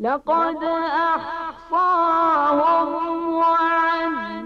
لقد أحصاهم وعدهم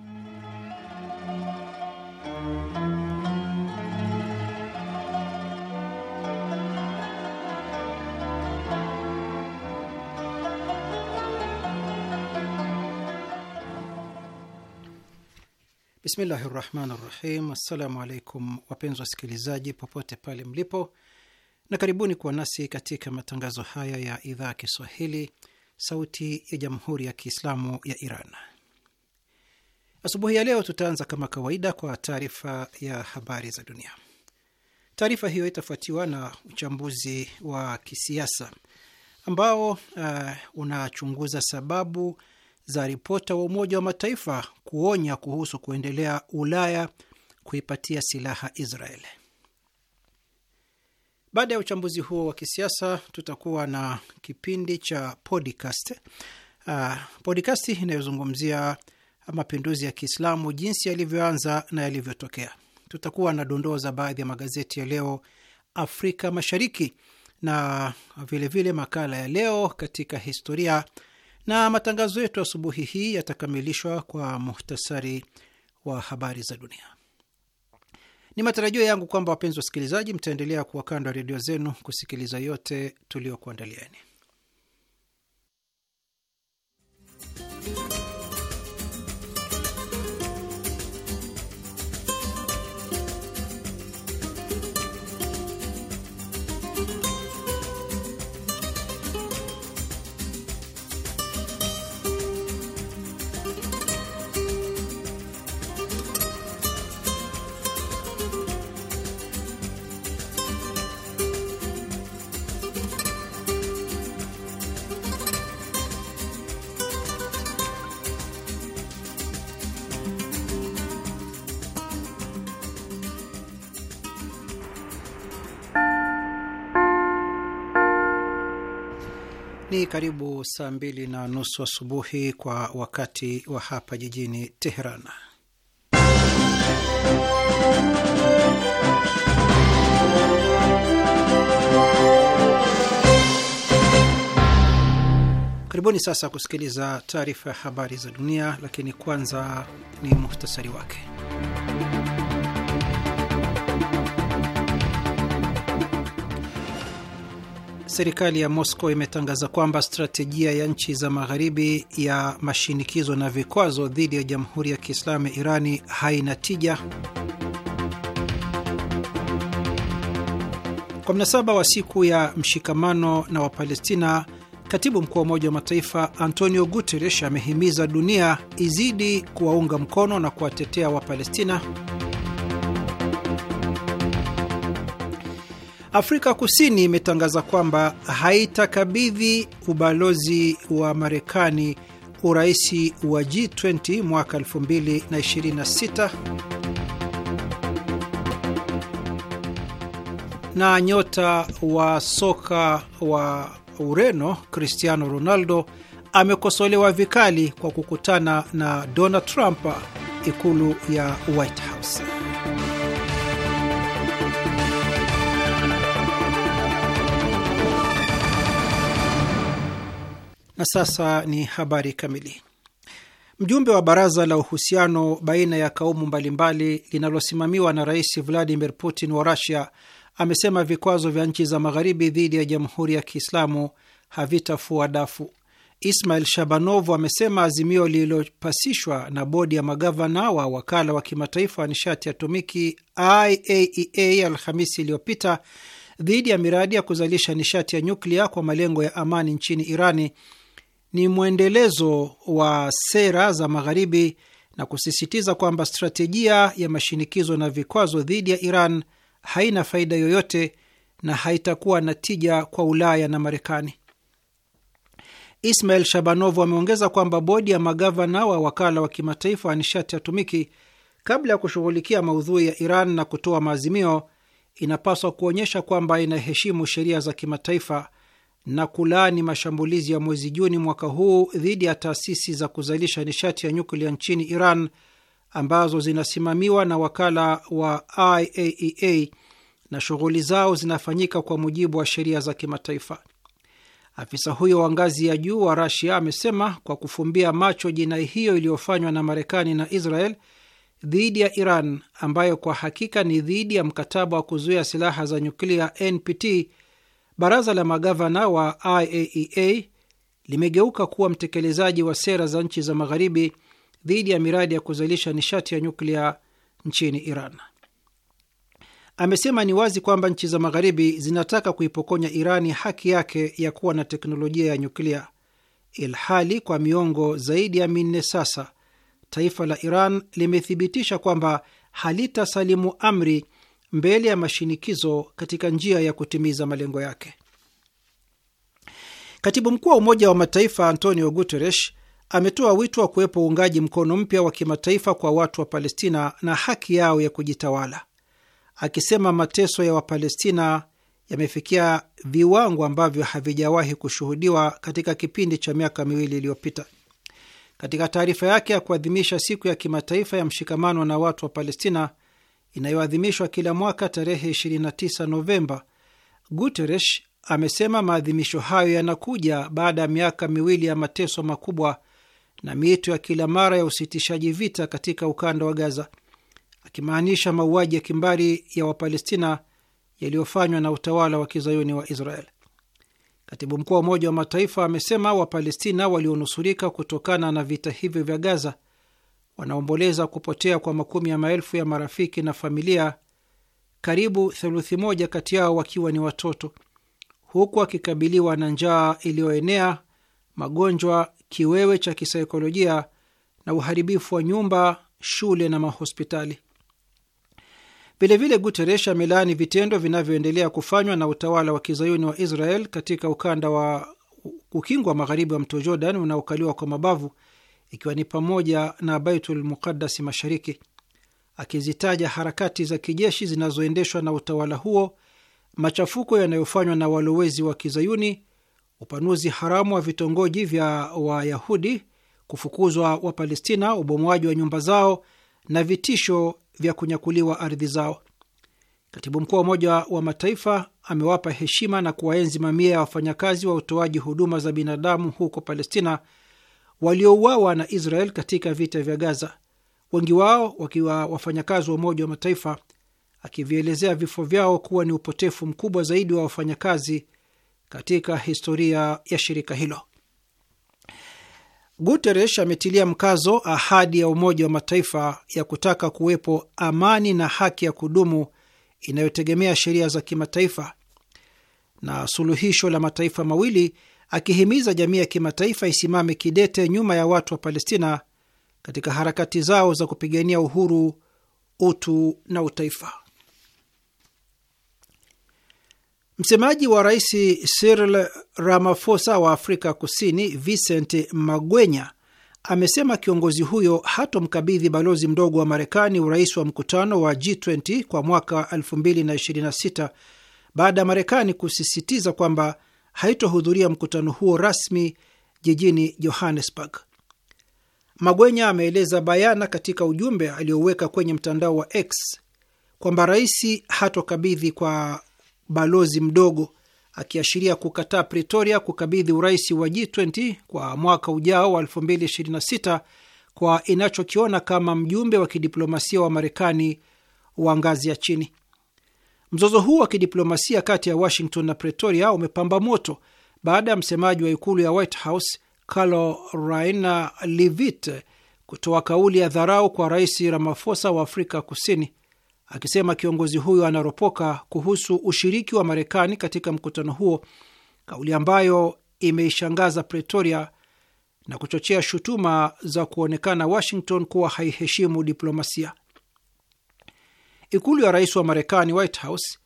Bismillahi rahmani rahim. Assalamu alaikum wapenzi wasikilizaji popote pale mlipo, na karibuni kuwa nasi katika matangazo haya ya idhaa ya Kiswahili, Sauti ya Jamhuri ya Kiislamu ya Iran. Asubuhi ya leo tutaanza kama kawaida kwa taarifa ya habari za dunia. Taarifa hiyo itafuatiwa na uchambuzi wa kisiasa ambao uh, unachunguza sababu za ripota wa Umoja wa Mataifa kuonya kuhusu kuendelea Ulaya kuipatia silaha Israel. Baada ya uchambuzi huo wa kisiasa, tutakuwa na kipindi cha podcast uh, podcast inayozungumzia mapinduzi ya Kiislamu, jinsi yalivyoanza na yalivyotokea. Tutakuwa na dondoo za baadhi ya magazeti ya leo Afrika Mashariki na vilevile vile makala ya leo katika historia na matangazo yetu asubuhi hii yatakamilishwa kwa muhtasari wa habari za dunia. Ni matarajio yangu kwamba wapenzi wasikilizaji, mtaendelea kuwa kando ya redio zenu kusikiliza yote tuliokuandaliani. karibu saa mbili na nusu asubuhi kwa wakati wa hapa jijini Teheran. Karibuni sasa kusikiliza taarifa ya habari za dunia, lakini kwanza ni muhtasari wake. serikali ya Moscow imetangaza kwamba stratejia ya nchi za magharibi ya mashinikizo na vikwazo dhidi ya Jamhuri ya Kiislamu ya Irani haina tija. Kwa mnasaba wa siku ya mshikamano na Wapalestina, katibu mkuu wa Umoja wa Mataifa Antonio Guterres amehimiza dunia izidi kuwaunga mkono na kuwatetea Wapalestina. Afrika Kusini imetangaza kwamba haitakabidhi ubalozi wa Marekani uraisi wa G20 mwaka 2026. Na nyota wa soka wa Ureno Cristiano Ronaldo amekosolewa vikali kwa kukutana na Donald Trump ikulu ya White House. Na sasa ni habari kamili. Mjumbe wa baraza la uhusiano baina ya kaumu mbalimbali linalosimamiwa na Rais Vladimir Putin wa rusia amesema vikwazo vya nchi za magharibi dhidi ya Jamhuri ya Kiislamu havitafua dafu. Ismail Shabanov amesema azimio lililopasishwa na bodi ya magavana wa wakala wa kimataifa wa nishati ya atomiki IAEA e Alhamisi iliyopita dhidi ya miradi ya kuzalisha nishati ya nyuklia kwa malengo ya amani nchini Irani ni mwendelezo wa sera za Magharibi na kusisitiza kwamba stratejia ya mashinikizo na vikwazo dhidi ya Iran haina faida yoyote na haitakuwa na tija kwa Ulaya na Marekani. Ismail Shabanovu ameongeza kwamba bodi ya magavana wa wakala wa kimataifa wa nishati atomiki, kabla ya kushughulikia maudhui ya Iran na kutoa maazimio, inapaswa kuonyesha kwamba inaheshimu sheria za kimataifa na kulaani mashambulizi ya mwezi Juni mwaka huu dhidi ya taasisi za kuzalisha nishati ya nyuklia nchini Iran ambazo zinasimamiwa na wakala wa IAEA e na shughuli zao zinafanyika kwa mujibu wa sheria za kimataifa. Afisa huyo wa ngazi ya juu wa Rasia amesema kwa kufumbia macho jinai hiyo iliyofanywa na Marekani na Israel dhidi ya Iran, ambayo kwa hakika ni dhidi ya mkataba wa kuzuia silaha za nyuklia NPT Baraza la magavana wa IAEA e limegeuka kuwa mtekelezaji wa sera za nchi za magharibi dhidi ya miradi ya kuzalisha nishati ya nyuklia nchini Iran. Amesema ni wazi kwamba nchi za magharibi zinataka kuipokonya Irani haki yake ya kuwa na teknolojia ya nyuklia, ilhali kwa miongo zaidi ya minne sasa taifa la Iran limethibitisha kwamba halitasalimu amri mbele ya mashinikizo katika njia ya kutimiza malengo yake. Katibu mkuu wa Umoja wa Mataifa Antonio Guterres ametoa wito wa kuwepo uungaji mkono mpya wa kimataifa kwa watu wa Palestina na haki yao ya kujitawala, akisema mateso ya Wapalestina yamefikia viwango ambavyo havijawahi kushuhudiwa katika kipindi cha miaka miwili iliyopita. Katika taarifa yake ya kuadhimisha siku ya kimataifa ya mshikamano na watu wa Palestina, inayoadhimishwa kila mwaka tarehe 29 Novemba. Guterres amesema maadhimisho hayo yanakuja baada ya miaka miwili ya mateso makubwa na miito ya kila mara ya usitishaji vita katika ukanda wa Gaza, akimaanisha mauaji ya kimbari ya Wapalestina yaliyofanywa na utawala wa kizayuni wa Israel. Katibu mkuu wa Umoja wa Mataifa amesema Wapalestina walionusurika kutokana na vita hivyo vya Gaza wanaomboleza kupotea kwa makumi ya maelfu ya marafiki na familia, karibu theluthi moja kati yao wakiwa ni watoto, huku akikabiliwa na njaa iliyoenea, magonjwa, kiwewe cha kisaikolojia na uharibifu wa nyumba, shule na mahospitali. Vilevile, Guteresh amelaani vitendo vinavyoendelea kufanywa na utawala wa kizayuni wa Israel katika ukanda wa ukingo wa magharibi wa mto Jordan unaokaliwa kwa mabavu ikiwa ni pamoja na Baitul Muqaddasi Mashariki, akizitaja harakati za kijeshi zinazoendeshwa na utawala huo, machafuko yanayofanywa na walowezi wa Kizayuni, upanuzi haramu wa vitongoji vya Wayahudi, kufukuzwa Wapalestina, ubomoaji wa nyumba zao na vitisho vya kunyakuliwa ardhi zao. Katibu mkuu wa Umoja wa Mataifa amewapa heshima na kuwaenzi mamia ya wafanyakazi wa utoaji huduma za binadamu huko Palestina waliouawa na Israel katika vita vya Gaza, wengi wao wakiwa wafanyakazi wa Umoja wa Mataifa, akivielezea vifo vyao kuwa ni upotefu mkubwa zaidi wa wafanyakazi katika historia ya shirika hilo. Guterres ametilia mkazo ahadi ya Umoja wa Mataifa ya kutaka kuwepo amani na haki ya kudumu inayotegemea sheria za kimataifa na suluhisho la mataifa mawili akihimiza jamii ya kimataifa isimame kidete nyuma ya watu wa Palestina katika harakati zao za kupigania uhuru, utu na utaifa. Msemaji wa Rais Cyril Ramaphosa wa Afrika Kusini, Vincent Magwenya, amesema kiongozi huyo hatomkabidhi balozi mdogo wa Marekani urais wa mkutano wa G20 kwa mwaka 2026 baada ya Marekani kusisitiza kwamba haitohudhuria mkutano huo rasmi jijini Johannesburg. Magwenya ameeleza bayana katika ujumbe alioweka kwenye mtandao wa X kwamba rais hatokabidhi kwa balozi mdogo, akiashiria kukataa Pretoria kukabidhi urais wa G20 kwa mwaka ujao wa 2026 kwa inachokiona kama mjumbe wa kidiplomasia wa Marekani wa ngazi ya chini. Mzozo huu wa kidiplomasia kati ya Washington na Pretoria umepamba moto baada ya msemaji wa ikulu ya White House Raina Leavitt kutoa kauli ya dharau kwa Rais Ramaphosa wa Afrika Kusini akisema kiongozi huyo anaropoka kuhusu ushiriki wa Marekani katika mkutano huo, kauli ambayo imeishangaza Pretoria na kuchochea shutuma za kuonekana Washington kuwa haiheshimu diplomasia. Ikulu ya rais wa Marekani, White House,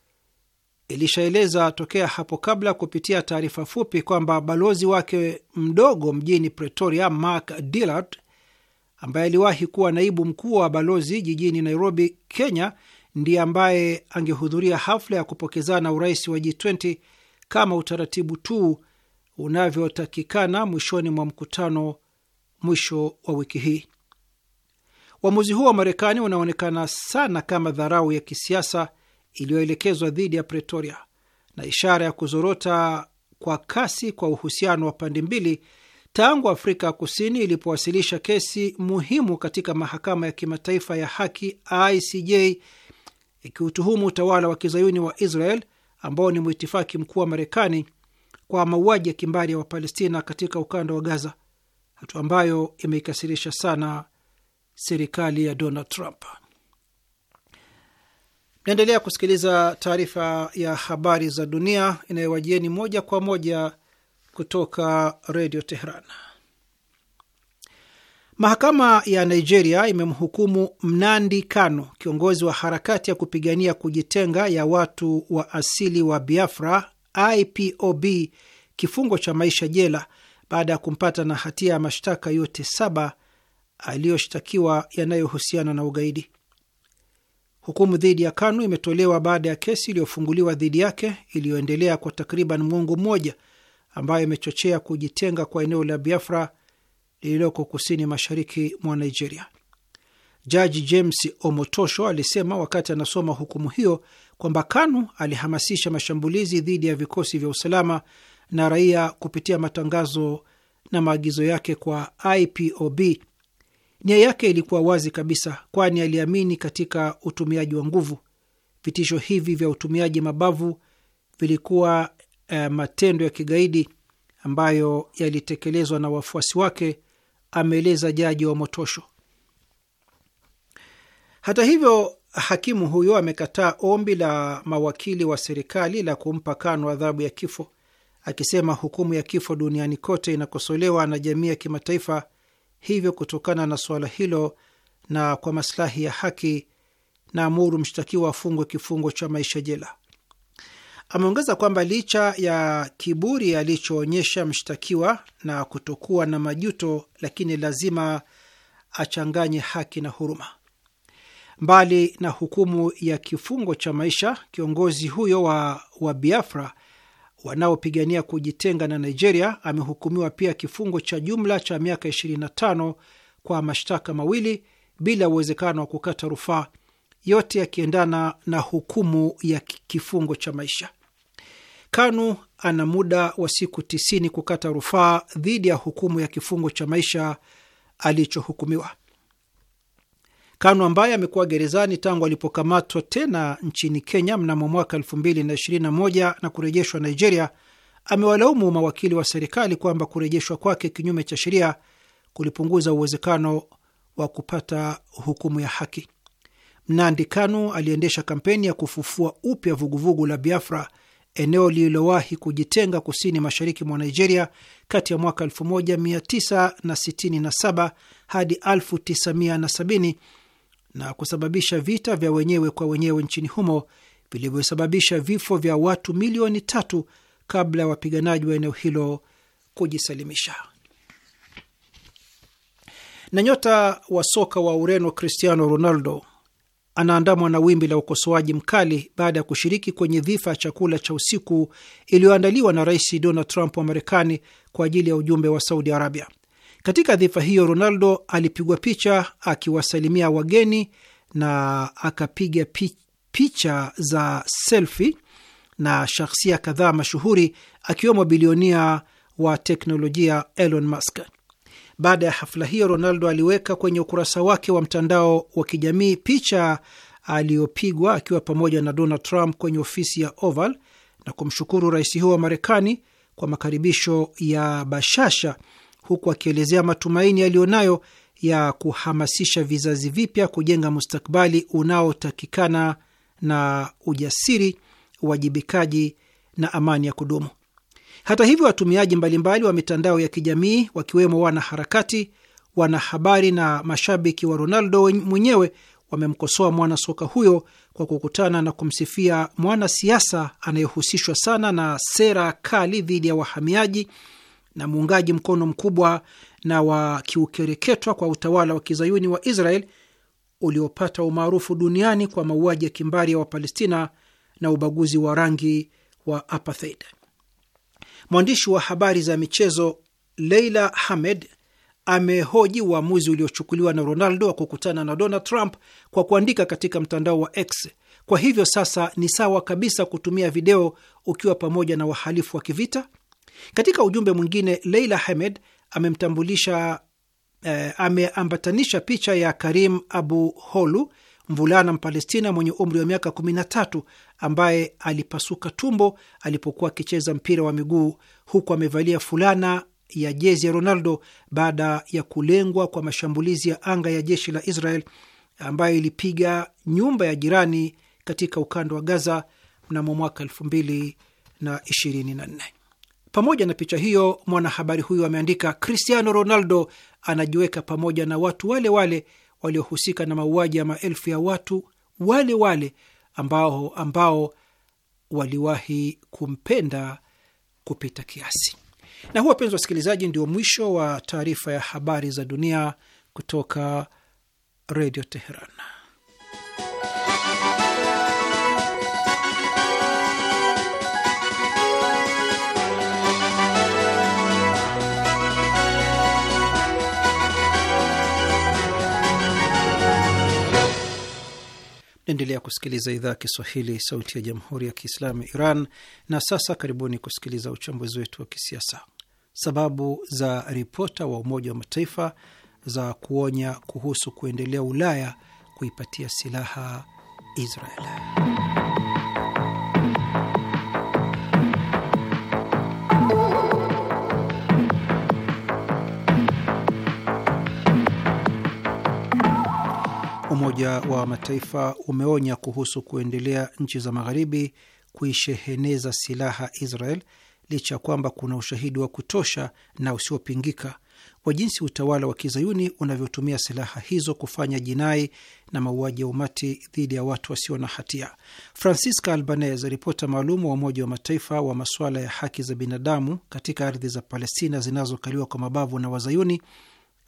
ilishaeleza tokea hapo kabla kupitia taarifa fupi kwamba balozi wake mdogo mjini Pretoria, Mark Dillard, ambaye aliwahi kuwa naibu mkuu wa balozi jijini Nairobi, Kenya, ndiye ambaye angehudhuria hafla ya kupokezana urais wa G20 kama utaratibu tu unavyotakikana mwishoni mwa mkutano mwisho wa wiki hii. Uamuzi huo wa Marekani unaonekana sana kama dharau ya kisiasa iliyoelekezwa dhidi ya Pretoria na ishara ya kuzorota kwa kasi kwa uhusiano wa pande mbili tangu Afrika ya Kusini ilipowasilisha kesi muhimu katika mahakama ya kimataifa ya haki ICJ ikiutuhumu utawala wa kizayuni wa Israel ambao ni mwitifaki mkuu wa Marekani kwa mauaji ya kimbari ya Wapalestina katika ukanda wa Gaza, hatua ambayo imeikasirisha sana serikali ya Donald Trump. Naendelea kusikiliza taarifa ya habari za dunia inayowajieni moja kwa moja kutoka redio Tehran. Mahakama ya Nigeria imemhukumu Mnandi Kano, kiongozi wa harakati ya kupigania kujitenga ya watu wa asili wa Biafra, IPOB, kifungo cha maisha jela baada ya kumpata na hatia ya mashtaka yote saba aliyoshtakiwa yanayohusiana na ugaidi. Hukumu dhidi ya Kanu imetolewa baada ya kesi iliyofunguliwa dhidi yake iliyoendelea kwa takriban mwongo mmoja, ambayo imechochea kujitenga kwa eneo la Biafra lililoko kusini mashariki mwa Nigeria. Jaji James Omotosho alisema wakati anasoma hukumu hiyo kwamba Kanu alihamasisha mashambulizi dhidi ya vikosi vya usalama na raia kupitia matangazo na maagizo yake kwa IPOB Nia yake ilikuwa wazi kabisa, kwani aliamini katika utumiaji wa nguvu. Vitisho hivi vya utumiaji mabavu vilikuwa eh, matendo ya kigaidi ambayo yalitekelezwa na wafuasi wake, ameeleza jaji wa Motosho. Hata hivyo, hakimu huyo amekataa ombi la mawakili wa serikali la kumpa Kano adhabu ya kifo, akisema hukumu ya kifo duniani kote inakosolewa na jamii ya kimataifa Hivyo, kutokana na suala hilo na kwa masilahi ya haki, na amuru mshtakiwa afungwe kifungo cha maisha jela. Ameongeza kwamba licha ya kiburi alichoonyesha mshtakiwa na kutokuwa na majuto, lakini lazima achanganye haki na huruma. Mbali na hukumu ya kifungo cha maisha, kiongozi huyo wa, wa Biafra wanaopigania kujitenga na Nigeria amehukumiwa pia kifungo cha jumla cha miaka 25 kwa mashtaka mawili bila uwezekano wa kukata rufaa, yote yakiendana na hukumu ya kifungo cha maisha. Kanu ana muda wa siku 90 kukata rufaa dhidi ya hukumu ya kifungo cha maisha alichohukumiwa. Kanu ambaye amekuwa gerezani tangu alipokamatwa tena nchini Kenya mnamo mwaka 2021 na kurejeshwa Nigeria, amewalaumu mawakili wa serikali kwamba kurejeshwa kwake kinyume cha sheria kulipunguza uwezekano wa kupata hukumu ya haki. Mnandi Kanu aliendesha kampeni ya kufufua upya vuguvugu la Biafra, eneo lililowahi kujitenga kusini mashariki mwa Nigeria kati ya mwaka 1967 hadi 1970 na kusababisha vita vya wenyewe kwa wenyewe nchini humo vilivyosababisha vifo vya watu milioni tatu kabla ya wapiganaji wa eneo hilo kujisalimisha. Na nyota wa soka wa Ureno Cristiano Ronaldo anaandamwa na wimbi la ukosoaji mkali baada ya kushiriki kwenye dhifa ya chakula cha usiku iliyoandaliwa na Rais Donald Trump wa Marekani kwa ajili ya ujumbe wa Saudi Arabia. Katika dhifa hiyo, Ronaldo alipigwa picha akiwasalimia wageni na akapiga picha za selfie na shakhsia kadhaa mashuhuri akiwemo bilionia wa teknolojia Elon Musk. Baada ya hafla hiyo, Ronaldo aliweka kwenye ukurasa wake wa mtandao wa kijamii picha aliyopigwa akiwa pamoja na Donald Trump kwenye ofisi ya Oval na kumshukuru rais huyo wa Marekani kwa makaribisho ya bashasha huku akielezea matumaini yaliyonayo ya kuhamasisha vizazi vipya kujenga mustakbali unaotakikana na ujasiri, uwajibikaji na amani ya kudumu. Hata hivyo, watumiaji mbalimbali wa mitandao ya kijamii wakiwemo wanaharakati, wanahabari na mashabiki wa Ronaldo mwenyewe wamemkosoa mwanasoka huyo kwa kukutana na kumsifia mwanasiasa anayehusishwa sana na sera kali dhidi ya wahamiaji na muungaji mkono mkubwa na wa kiukereketwa kwa utawala wa kizayuni wa Israel uliopata umaarufu duniani kwa mauaji ya kimbari ya Wapalestina na ubaguzi wa rangi wa apartheid. Mwandishi wa habari za michezo Leila Hamed amehoji uamuzi uliochukuliwa na Ronaldo wa kukutana na Donald Trump kwa kuandika katika mtandao wa X, kwa hivyo sasa ni sawa kabisa kutumia video ukiwa pamoja na wahalifu wa kivita? Katika ujumbe mwingine, Leila Hamed amemtambulisha eh, ameambatanisha picha ya Karim Abu Holu, mvulana Mpalestina mwenye umri wa miaka 13 ambaye alipasuka tumbo alipokuwa akicheza mpira wa miguu huku amevalia fulana ya jezi ya Ronaldo baada ya kulengwa kwa mashambulizi ya anga ya jeshi la Israel ambayo ilipiga nyumba ya jirani katika ukanda wa Gaza mnamo mwaka 224 pamoja na picha hiyo, mwanahabari huyu ameandika, Cristiano Ronaldo anajiweka pamoja na watu wale wale waliohusika na mauaji ya maelfu ya watu wale wale ambao, ambao waliwahi kumpenda kupita kiasi. Na huu, wapenzi wasikilizaji, ndio mwisho wa taarifa ya habari za dunia kutoka Redio Teheran. Naendelea kusikiliza idhaa ya Kiswahili, sauti ya jamhuri ya kiislamu ya Iran. Na sasa karibuni kusikiliza uchambuzi wetu wa kisiasa, sababu za ripota wa Umoja wa Mataifa za kuonya kuhusu kuendelea Ulaya kuipatia silaha Israel. Umoja wa Mataifa umeonya kuhusu kuendelea nchi za magharibi kuisheheneza silaha Israel licha ya kwamba kuna ushahidi wa kutosha na usiopingika wa jinsi utawala wa kizayuni unavyotumia silaha hizo kufanya jinai na mauaji ya umati dhidi ya watu wasio na hatia. Francisca Albanese, ripota maalum wa Umoja wa Mataifa wa masuala ya haki za binadamu katika ardhi za Palestina zinazokaliwa kwa mabavu na Wazayuni,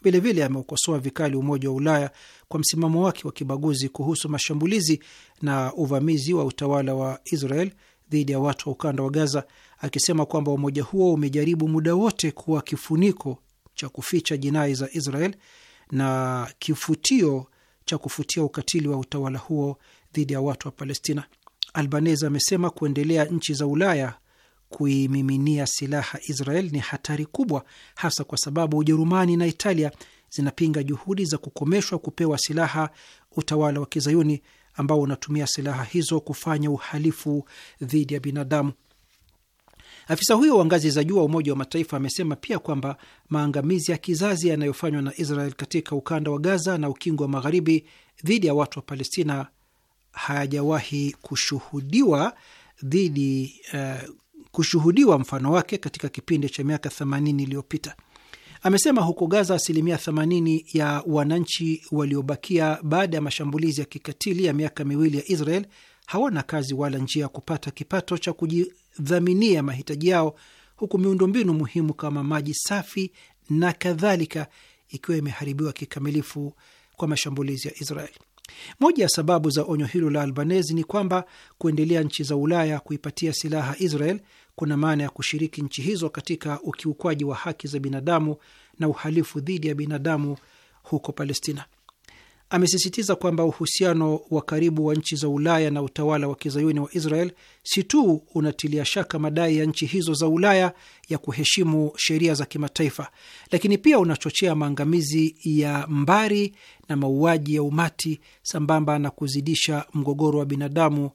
Vilevile ameukosoa vikali Umoja wa Ulaya kwa msimamo wake wa kibaguzi kuhusu mashambulizi na uvamizi wa utawala wa Israel dhidi ya watu wa ukanda wa Gaza, akisema kwamba umoja huo umejaribu muda wote kuwa kifuniko cha kuficha jinai za Israel na kifutio cha kufutia ukatili wa utawala huo dhidi ya watu wa Palestina. Albanese amesema kuendelea nchi za Ulaya kuimiminia silaha Israel ni hatari kubwa, hasa kwa sababu Ujerumani na Italia zinapinga juhudi za kukomeshwa kupewa silaha utawala wa kizayuni ambao unatumia silaha hizo kufanya uhalifu dhidi ya binadamu. Afisa huyo wa ngazi za juu wa Umoja wa Mataifa amesema pia kwamba maangamizi ya kizazi yanayofanywa na Israel katika ukanda wa Gaza na Ukingo wa Magharibi dhidi ya watu wa Palestina hayajawahi kushuhudiwa dhidi uh, kushuhudiwa mfano wake katika kipindi cha miaka 80 iliyopita. Amesema huko Gaza asilimia 80 ya wananchi waliobakia baada ya mashambulizi ya kikatili ya miaka miwili ya Israel hawana kazi wala njia ya kupata kipato cha kujidhaminia mahitaji yao, huku miundombinu muhimu kama maji safi na kadhalika ikiwa imeharibiwa kikamilifu kwa mashambulizi ya Israel. Moja ya sababu za onyo hilo la Albanezi ni kwamba kuendelea nchi za Ulaya kuipatia silaha Israel kuna maana ya kushiriki nchi hizo katika ukiukwaji wa haki za binadamu na uhalifu dhidi ya binadamu huko Palestina amesisitiza kwamba uhusiano wa karibu wa nchi za Ulaya na utawala wa kizayuni wa Israel si tu unatilia shaka madai ya nchi hizo za Ulaya ya kuheshimu sheria za kimataifa, lakini pia unachochea maangamizi ya mbari na mauaji ya umati sambamba na kuzidisha mgogoro wa binadamu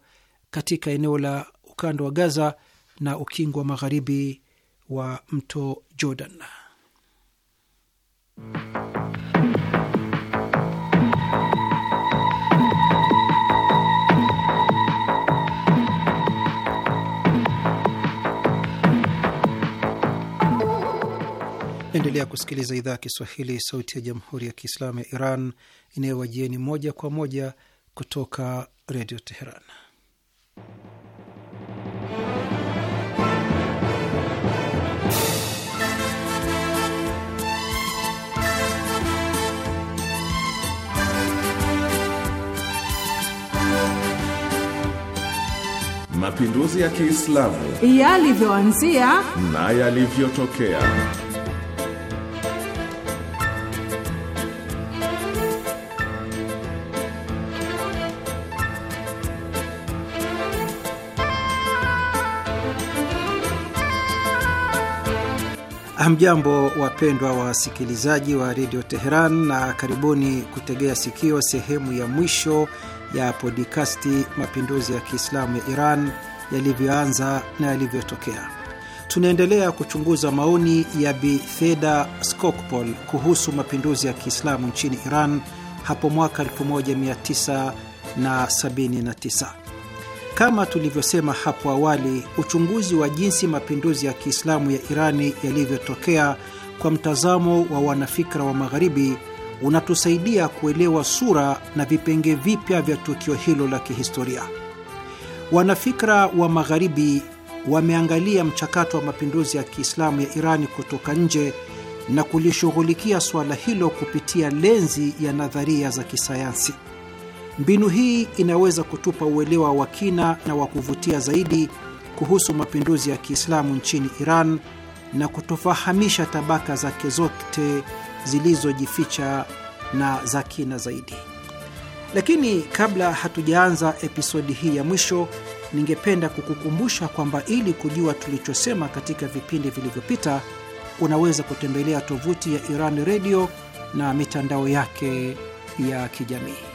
katika eneo la ukanda wa Gaza na ukingo wa magharibi wa mto Jordan. Naendelea kusikiliza idhaa ya Kiswahili, sauti ya jamhuri ya kiislamu ya Iran inayowajieni moja kwa moja kutoka redio Teheran. Mapinduzi ya Kiislamu yalivyoanzia na yalivyotokea. Hamjambo, wapendwa wasikilizaji wa redio Teheran, na karibuni kutegea sikio sehemu ya mwisho ya podikasti mapinduzi ya Kiislamu ya Iran yalivyoanza na yalivyotokea. Tunaendelea kuchunguza maoni ya Bi Theda Skocpol kuhusu mapinduzi ya Kiislamu nchini Iran hapo mwaka 1979. Kama tulivyosema hapo awali, uchunguzi wa jinsi mapinduzi ya Kiislamu ya Irani yalivyotokea kwa mtazamo wa wanafikra wa Magharibi unatusaidia kuelewa sura na vipenge vipya vya tukio hilo la kihistoria. Wanafikra wa Magharibi wameangalia mchakato wa mapinduzi ya Kiislamu ya Irani kutoka nje na kulishughulikia suala hilo kupitia lenzi ya nadharia za kisayansi. Mbinu hii inaweza kutupa uelewa wa kina na wa kuvutia zaidi kuhusu mapinduzi ya Kiislamu nchini Iran na kutofahamisha tabaka zake zote zilizojificha na za kina zaidi. Lakini kabla hatujaanza episodi hii ya mwisho, ningependa kukukumbusha kwamba ili kujua tulichosema katika vipindi vilivyopita, unaweza kutembelea tovuti ya Iran Radio na mitandao yake ya kijamii.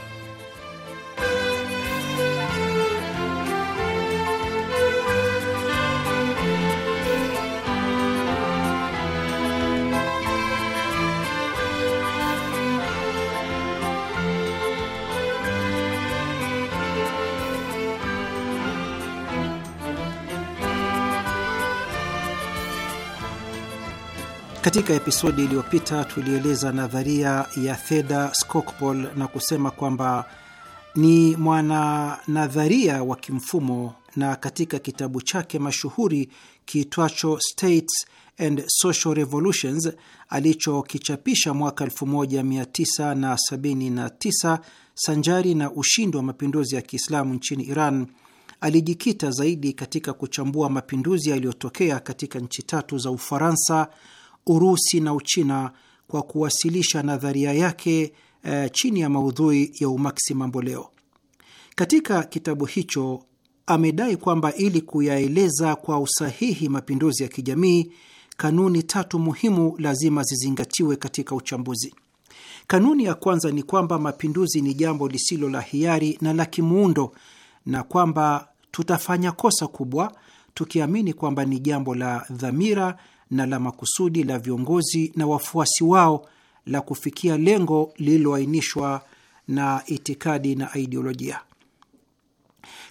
Katika episodi iliyopita tulieleza nadharia ya Theda Skocpol na kusema kwamba ni mwananadharia wa kimfumo, na katika kitabu chake mashuhuri kiitwacho States and Social Revolutions alichokichapisha mwaka 1979 sanjari na ushindi wa mapinduzi ya Kiislamu nchini Iran, alijikita zaidi katika kuchambua mapinduzi yaliyotokea katika nchi tatu za Ufaransa, Urusi na Uchina kwa kuwasilisha nadharia yake e, chini ya maudhui ya umaksi mamboleo. Katika kitabu hicho amedai kwamba ili kuyaeleza kwa usahihi mapinduzi ya kijamii, kanuni tatu muhimu lazima zizingatiwe katika uchambuzi. Kanuni ya kwanza ni kwamba mapinduzi ni jambo lisilo la hiari na la kimuundo, na kwamba tutafanya kosa kubwa tukiamini kwamba ni jambo la dhamira na la makusudi la viongozi na wafuasi wao la kufikia lengo lililoainishwa na itikadi na ideolojia.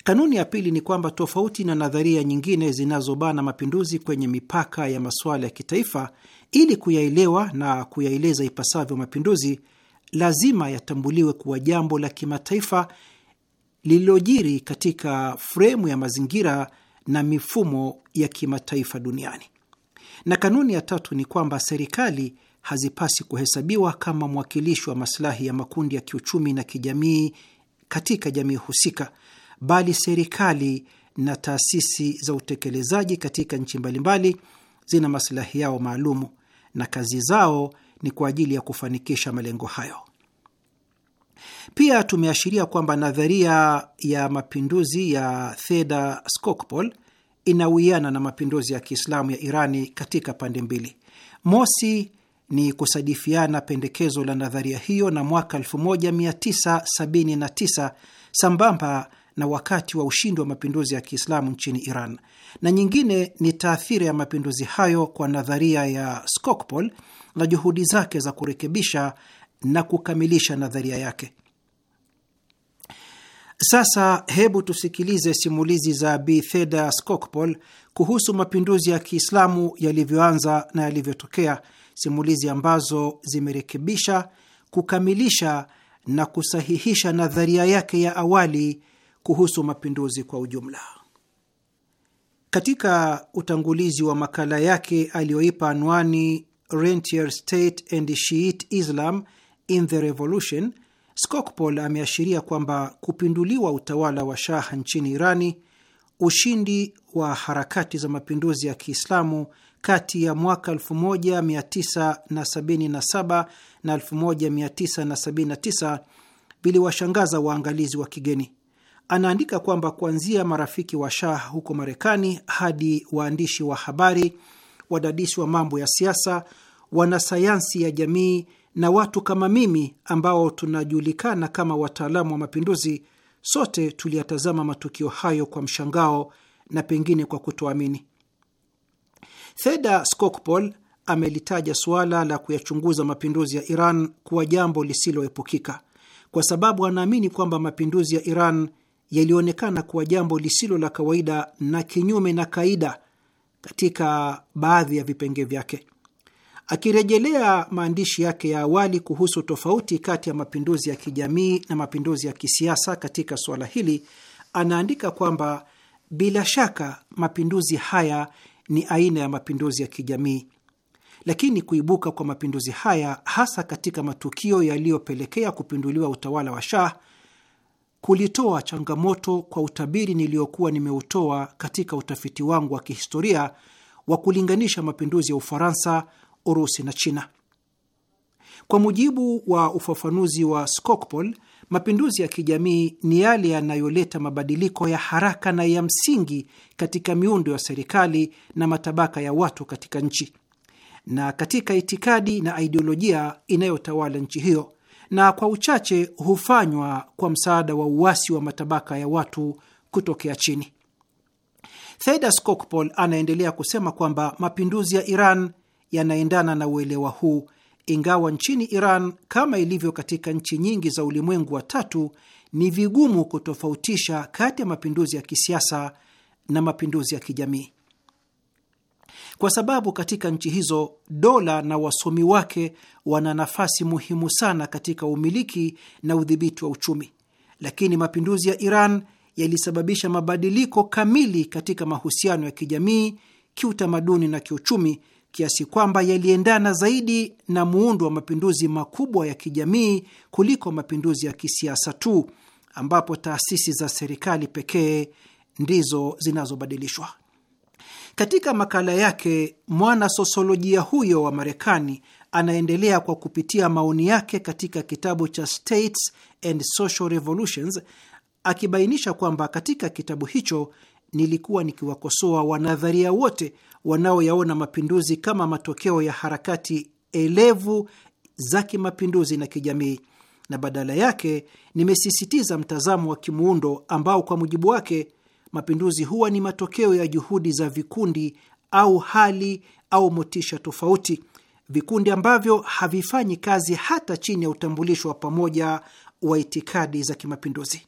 Kanuni ya pili ni kwamba tofauti na nadharia nyingine zinazobana mapinduzi kwenye mipaka ya masuala ya kitaifa, ili kuyaelewa na kuyaeleza ipasavyo mapinduzi, lazima yatambuliwe kuwa jambo la kimataifa lililojiri katika fremu ya mazingira na mifumo ya kimataifa duniani. Na kanuni ya tatu ni kwamba serikali hazipasi kuhesabiwa kama mwakilishi wa masilahi ya makundi ya kiuchumi na kijamii katika jamii husika, bali serikali na taasisi za utekelezaji katika nchi mbalimbali zina masilahi yao maalumu na kazi zao ni kwa ajili ya kufanikisha malengo hayo. Pia tumeashiria kwamba nadharia ya mapinduzi ya Theda Skocpol inawiana na mapinduzi ya Kiislamu ya Irani katika pande mbili. Mosi ni kusadifiana pendekezo la nadharia hiyo na mwaka 1979 sambamba na wakati wa ushindi wa mapinduzi ya Kiislamu nchini Iran, na nyingine ni taathira ya mapinduzi hayo kwa nadharia ya Skocpol na juhudi zake za kurekebisha na kukamilisha nadharia yake. Sasa hebu tusikilize simulizi za Bi Theda Skocpol kuhusu mapinduzi ya Kiislamu yalivyoanza na yalivyotokea, simulizi ambazo zimerekebisha, kukamilisha na kusahihisha nadharia yake ya awali kuhusu mapinduzi kwa ujumla. Katika utangulizi wa makala yake aliyoipa anwani Rentier State and Shiite Islam in the Revolution Skocpol ameashiria kwamba kupinduliwa utawala wa Shah nchini Irani, ushindi wa harakati za mapinduzi ya Kiislamu kati ya mwaka 1977 na 1979 viliwashangaza waangalizi wa kigeni. Anaandika kwamba kuanzia marafiki wa Shah huko Marekani hadi waandishi wa habari, wadadisi wa mambo ya siasa, wanasayansi ya jamii na watu kama mimi ambao tunajulikana kama wataalamu wa mapinduzi, sote tuliyatazama matukio hayo kwa mshangao na pengine kwa kutoamini. Theda Skocpol amelitaja suala la kuyachunguza mapinduzi ya Iran kuwa jambo lisiloepukika kwa sababu anaamini kwamba mapinduzi ya Iran yalionekana kuwa jambo lisilo la kawaida na kinyume na kaida katika baadhi ya vipenge vyake. Akirejelea maandishi yake ya awali kuhusu tofauti kati ya mapinduzi ya kijamii na mapinduzi ya kisiasa katika suala hili, anaandika kwamba bila shaka mapinduzi haya ni aina ya mapinduzi ya kijamii, lakini kuibuka kwa mapinduzi haya, hasa katika matukio yaliyopelekea kupinduliwa utawala wa Shah, kulitoa changamoto kwa utabiri niliyokuwa nimeutoa katika utafiti wangu wa kihistoria wa kulinganisha mapinduzi ya Ufaransa Urusi na China. Kwa mujibu wa ufafanuzi wa Skocpol, mapinduzi ya kijamii ni yale yanayoleta mabadiliko ya haraka na ya msingi katika miundo ya serikali na matabaka ya watu katika nchi na katika itikadi na idiolojia inayotawala nchi hiyo, na kwa uchache hufanywa kwa msaada wa uasi wa matabaka ya watu kutokea chini. Theda Skocpol anaendelea kusema kwamba mapinduzi ya Iran yanaendana na uelewa huu, ingawa nchini Iran kama ilivyo katika nchi nyingi za ulimwengu wa tatu ni vigumu kutofautisha kati ya mapinduzi ya kisiasa na mapinduzi ya kijamii, kwa sababu katika nchi hizo dola na wasomi wake wana nafasi muhimu sana katika umiliki na udhibiti wa uchumi. Lakini mapinduzi ya Iran yalisababisha mabadiliko kamili katika mahusiano ya kijamii, kiutamaduni na kiuchumi kiasi kwamba yaliendana zaidi na muundo wa mapinduzi makubwa ya kijamii kuliko mapinduzi ya kisiasa tu, ambapo taasisi za serikali pekee ndizo zinazobadilishwa. Katika makala yake, mwana sosiolojia huyo wa Marekani anaendelea kwa kupitia maoni yake katika kitabu cha States and Social Revolutions, akibainisha kwamba katika kitabu hicho nilikuwa nikiwakosoa wanadharia wote wanaoyaona mapinduzi kama matokeo ya harakati elevu za kimapinduzi na kijamii, na badala yake nimesisitiza mtazamo wa kimuundo ambao kwa mujibu wake mapinduzi huwa ni matokeo ya juhudi za vikundi au hali au motisha tofauti, vikundi ambavyo havifanyi kazi hata chini ya utambulisho wa pamoja wa itikadi za kimapinduzi.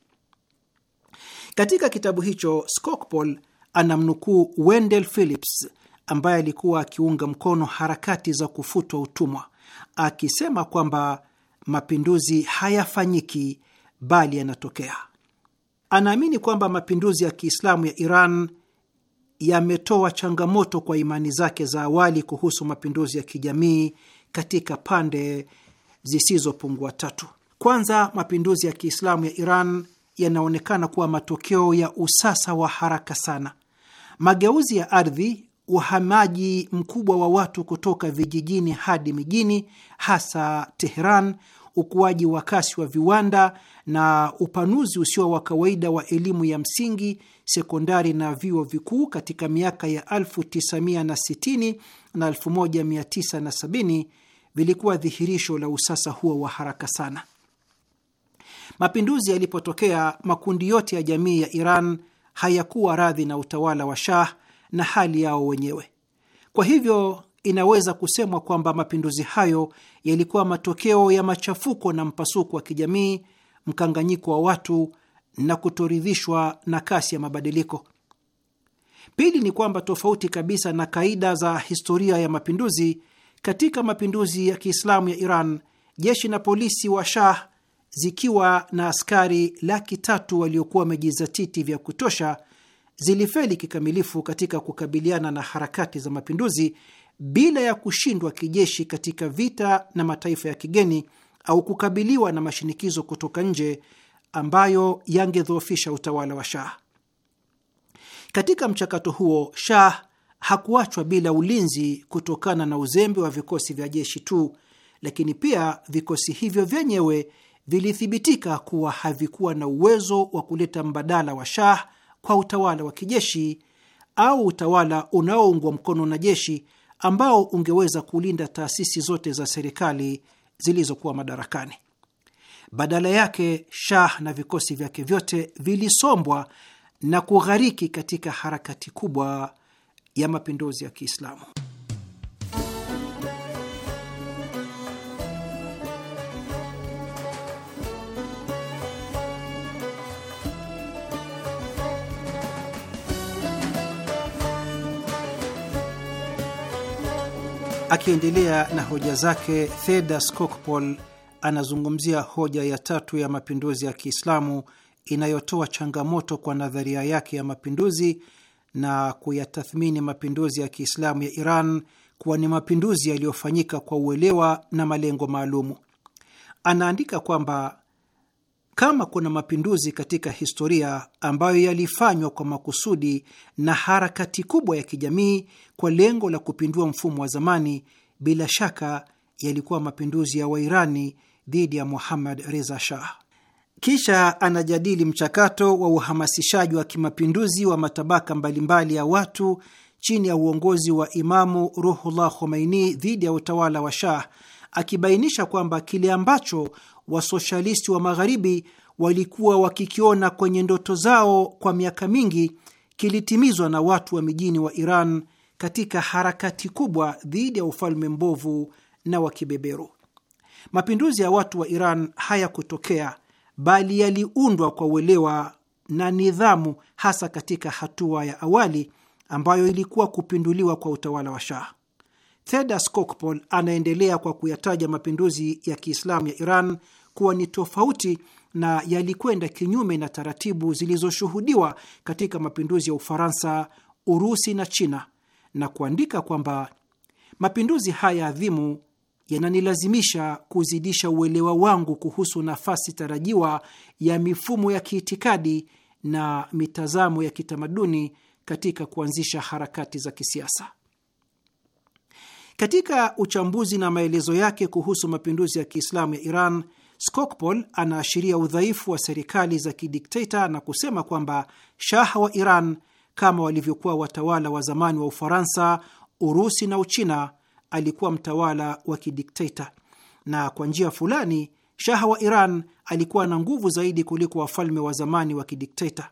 Katika kitabu hicho Skocpol anamnukuu Wendell Phillips ambaye alikuwa akiunga mkono harakati za kufutwa utumwa, akisema kwamba mapinduzi hayafanyiki bali yanatokea. Anaamini kwamba mapinduzi ya Kiislamu ya Iran yametoa changamoto kwa imani zake za awali kuhusu mapinduzi ya kijamii katika pande zisizopungua tatu. Kwanza, mapinduzi ya Kiislamu ya Iran yanaonekana kuwa matokeo ya usasa wa haraka sana. Mageuzi ya ardhi uhamaji mkubwa wa watu kutoka vijijini hadi mijini, hasa Teheran, ukuaji wa kasi wa viwanda na upanuzi usio wa kawaida wa elimu ya msingi, sekondari na vyuo vikuu katika miaka ya 1960 na 1970 vilikuwa dhihirisho la usasa huo wa haraka sana. Mapinduzi yalipotokea, makundi yote ya jamii ya Iran hayakuwa radhi na utawala wa Shah na hali yao wenyewe. Kwa hivyo inaweza kusemwa kwamba mapinduzi hayo yalikuwa matokeo ya machafuko na mpasuko wa kijamii, mkanganyiko wa watu na kutoridhishwa na kasi ya mabadiliko. Pili ni kwamba tofauti kabisa na kaida za historia ya mapinduzi, katika mapinduzi ya Kiislamu ya Iran jeshi na polisi wa Shah zikiwa na askari laki tatu waliokuwa wamejizatiti vya kutosha zilifeli kikamilifu katika kukabiliana na harakati za mapinduzi bila ya kushindwa kijeshi katika vita na mataifa ya kigeni au kukabiliwa na mashinikizo kutoka nje ambayo yangedhoofisha utawala wa Shah. Katika mchakato huo, Shah hakuachwa bila ulinzi kutokana na uzembe wa vikosi vya jeshi tu, lakini pia vikosi hivyo vyenyewe vilithibitika kuwa havikuwa na uwezo wa kuleta mbadala wa Shah kwa utawala wa kijeshi au utawala unaoungwa mkono na jeshi ambao ungeweza kulinda taasisi zote za serikali zilizokuwa madarakani. Badala yake, Shah na vikosi vyake vyote vilisombwa na kughariki katika harakati kubwa ya mapinduzi ya Kiislamu. Akiendelea na hoja zake, Theda Skocpol anazungumzia hoja ya tatu ya mapinduzi ya Kiislamu inayotoa changamoto kwa nadharia yake ya mapinduzi na kuyatathmini mapinduzi ya Kiislamu ya Iran kuwa ni mapinduzi yaliyofanyika kwa uelewa na malengo maalumu. Anaandika kwamba kama kuna mapinduzi katika historia ambayo yalifanywa kwa makusudi na harakati kubwa ya kijamii kwa lengo la kupindua mfumo wa zamani, bila shaka yalikuwa mapinduzi ya Wairani dhidi ya Muhammad Reza Shah. Kisha anajadili mchakato wa uhamasishaji wa kimapinduzi wa matabaka mbalimbali ya watu chini ya uongozi wa Imamu Ruhullah Khomeini dhidi ya utawala wa Shah, akibainisha kwamba kile ambacho wasoshalisti wa magharibi walikuwa wakikiona kwenye ndoto zao kwa miaka mingi kilitimizwa na watu wa mijini wa Iran katika harakati kubwa dhidi ya ufalme mbovu na wa kibeberu. Mapinduzi ya watu wa Iran hayakutokea bali yaliundwa kwa uelewa na nidhamu, hasa katika hatua ya awali ambayo ilikuwa kupinduliwa kwa utawala wa Shah. Theda Skocpol anaendelea kwa kuyataja mapinduzi ya Kiislamu ya Iran kuwa ni tofauti na yalikwenda kinyume na taratibu zilizoshuhudiwa katika mapinduzi ya Ufaransa, Urusi na China, na kuandika kwamba mapinduzi haya adhimu yananilazimisha kuzidisha uelewa wangu kuhusu nafasi tarajiwa ya mifumo ya kiitikadi na mitazamo ya kitamaduni katika kuanzisha harakati za kisiasa. Katika uchambuzi na maelezo yake kuhusu mapinduzi ya Kiislamu ya Iran, Skocpol anaashiria udhaifu wa serikali za kidikteta na kusema kwamba shaha wa Iran kama walivyokuwa watawala wa zamani wa Ufaransa, Urusi na Uchina alikuwa mtawala wa kidikteta, na kwa njia fulani shaha wa Iran alikuwa na nguvu zaidi kuliko wafalme wa zamani wa kidikteta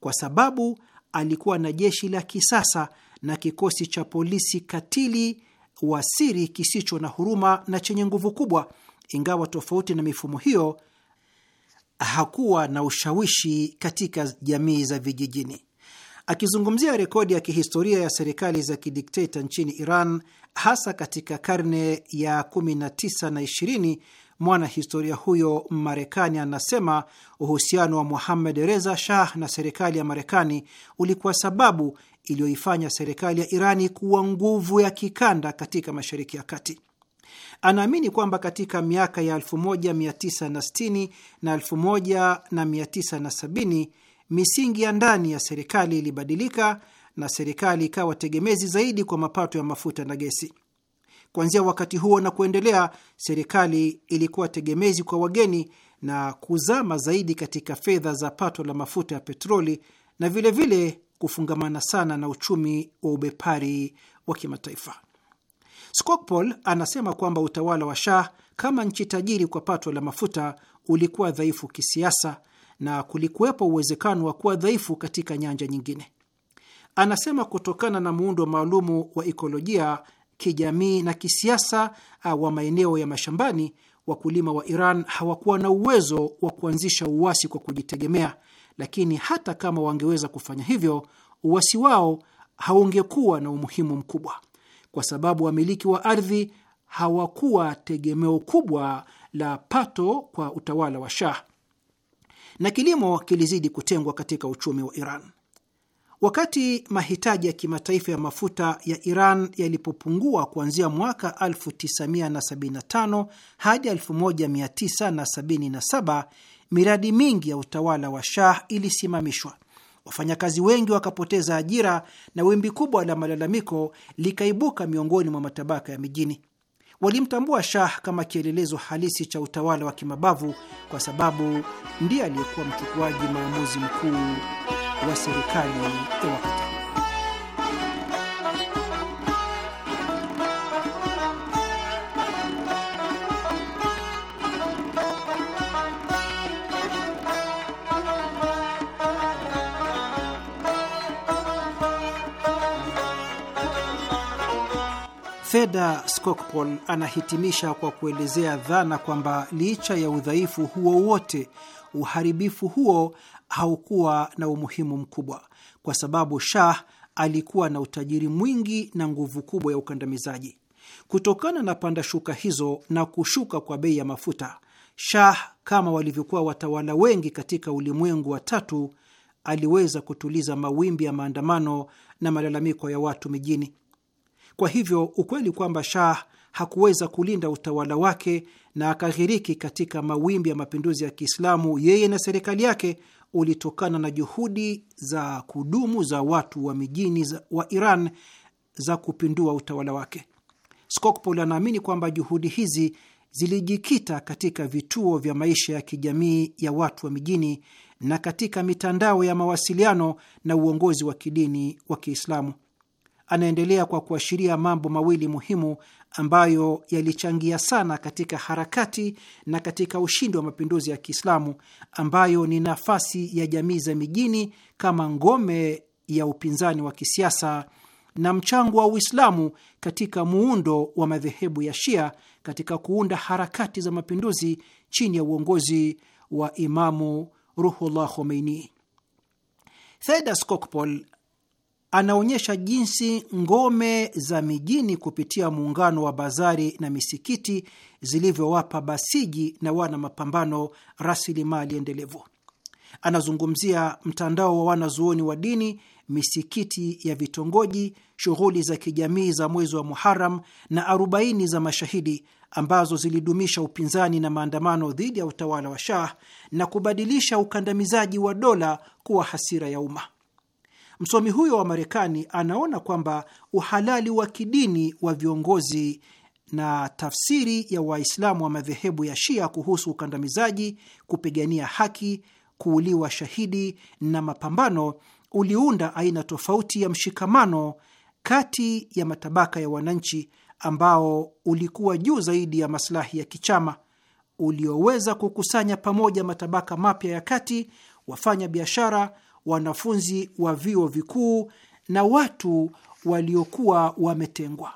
kwa sababu alikuwa na jeshi la kisasa na kikosi cha polisi katili wa siri kisicho na huruma na chenye nguvu kubwa ingawa tofauti na mifumo hiyo hakuwa na ushawishi katika jamii za vijijini. Akizungumzia rekodi ya kihistoria ya serikali za kidikteta nchini Iran, hasa katika karne ya 19 na 20, mwanahistoria huyo Marekani anasema uhusiano wa Muhammad Reza Shah na serikali ya Marekani ulikuwa sababu iliyoifanya serikali ya Irani kuwa nguvu ya kikanda katika Mashariki ya Kati. Anaamini kwamba katika miaka ya 1960 na 1970 misingi ya ndani ya serikali ilibadilika na serikali ikawa tegemezi zaidi kwa mapato ya mafuta na gesi. Kuanzia wakati huo na kuendelea, serikali ilikuwa tegemezi kwa wageni na kuzama zaidi katika fedha za pato la mafuta ya petroli na vilevile vile kufungamana sana na uchumi wa ubepari wa kimataifa. Skocpol anasema kwamba utawala wa Shah kama nchi tajiri kwa pato la mafuta ulikuwa dhaifu kisiasa na kulikuwepo uwezekano wa kuwa dhaifu katika nyanja nyingine. Anasema kutokana na muundo maalumu wa ikolojia, kijamii na kisiasa ah, wa maeneo ya mashambani, wakulima wa Iran hawakuwa na uwezo wa kuanzisha uasi kwa kujitegemea, lakini hata kama wangeweza kufanya hivyo, uasi wao haungekuwa na umuhimu mkubwa kwa sababu wamiliki wa ardhi hawakuwa tegemeo kubwa la pato kwa utawala wa Shah na kilimo kilizidi kutengwa katika uchumi wa Iran. Wakati mahitaji ya kimataifa ya mafuta ya Iran yalipopungua kuanzia mwaka 1975 hadi 1977, miradi mingi ya utawala wa Shah ilisimamishwa wafanyakazi wengi wakapoteza ajira na wimbi kubwa la malalamiko likaibuka miongoni mwa matabaka ya mijini. Walimtambua Shah kama kielelezo halisi cha utawala wa kimabavu kwa sababu ndiye aliyekuwa mchukuaji maamuzi mkuu wa serikali ya wakati. Theda Skocpol anahitimisha kwa kuelezea dhana kwamba licha ya udhaifu huo wote, uharibifu huo haukuwa na umuhimu mkubwa, kwa sababu Shah alikuwa na utajiri mwingi na nguvu kubwa ya ukandamizaji. Kutokana na pandashuka hizo na kushuka kwa bei ya mafuta, Shah kama walivyokuwa watawala wengi katika ulimwengu wa tatu, aliweza kutuliza mawimbi ya maandamano na malalamiko ya watu mijini. Kwa hivyo ukweli kwamba Shah hakuweza kulinda utawala wake na akaghiriki katika mawimbi ya mapinduzi ya Kiislamu yeye na serikali yake ulitokana na juhudi za kudumu za watu wa mijini wa Iran za kupindua utawala wake. Skocpol anaamini kwamba juhudi hizi zilijikita katika vituo vya maisha ya kijamii ya watu wa mijini na katika mitandao ya mawasiliano na uongozi wa kidini wa Kiislamu anaendelea kwa kuashiria mambo mawili muhimu ambayo yalichangia sana katika harakati na katika ushindi wa mapinduzi ya Kiislamu, ambayo ni nafasi ya jamii za mijini kama ngome ya upinzani wa kisiasa na mchango wa Uislamu katika muundo wa madhehebu ya Shia katika kuunda harakati za mapinduzi chini ya uongozi wa Imamu Ruhullah Khomeini. Theda Skocpol anaonyesha jinsi ngome za mijini kupitia muungano wa bazari na misikiti zilivyowapa basiji na wana mapambano rasilimali endelevu. Anazungumzia mtandao wa wanazuoni wa dini, misikiti ya vitongoji, shughuli za kijamii za mwezi wa Muharam na arobaini za mashahidi ambazo zilidumisha upinzani na maandamano dhidi ya utawala wa Shah na kubadilisha ukandamizaji wa dola kuwa hasira ya umma. Msomi huyo wa Marekani anaona kwamba uhalali wa kidini wa viongozi na tafsiri ya Waislamu wa madhehebu ya Shia kuhusu ukandamizaji, kupigania haki, kuuliwa shahidi na mapambano uliunda aina tofauti ya mshikamano kati ya matabaka ya wananchi ambao ulikuwa juu zaidi ya maslahi ya kichama, ulioweza kukusanya pamoja matabaka mapya ya kati, wafanya biashara wanafunzi wa vyuo vikuu na watu waliokuwa wametengwa.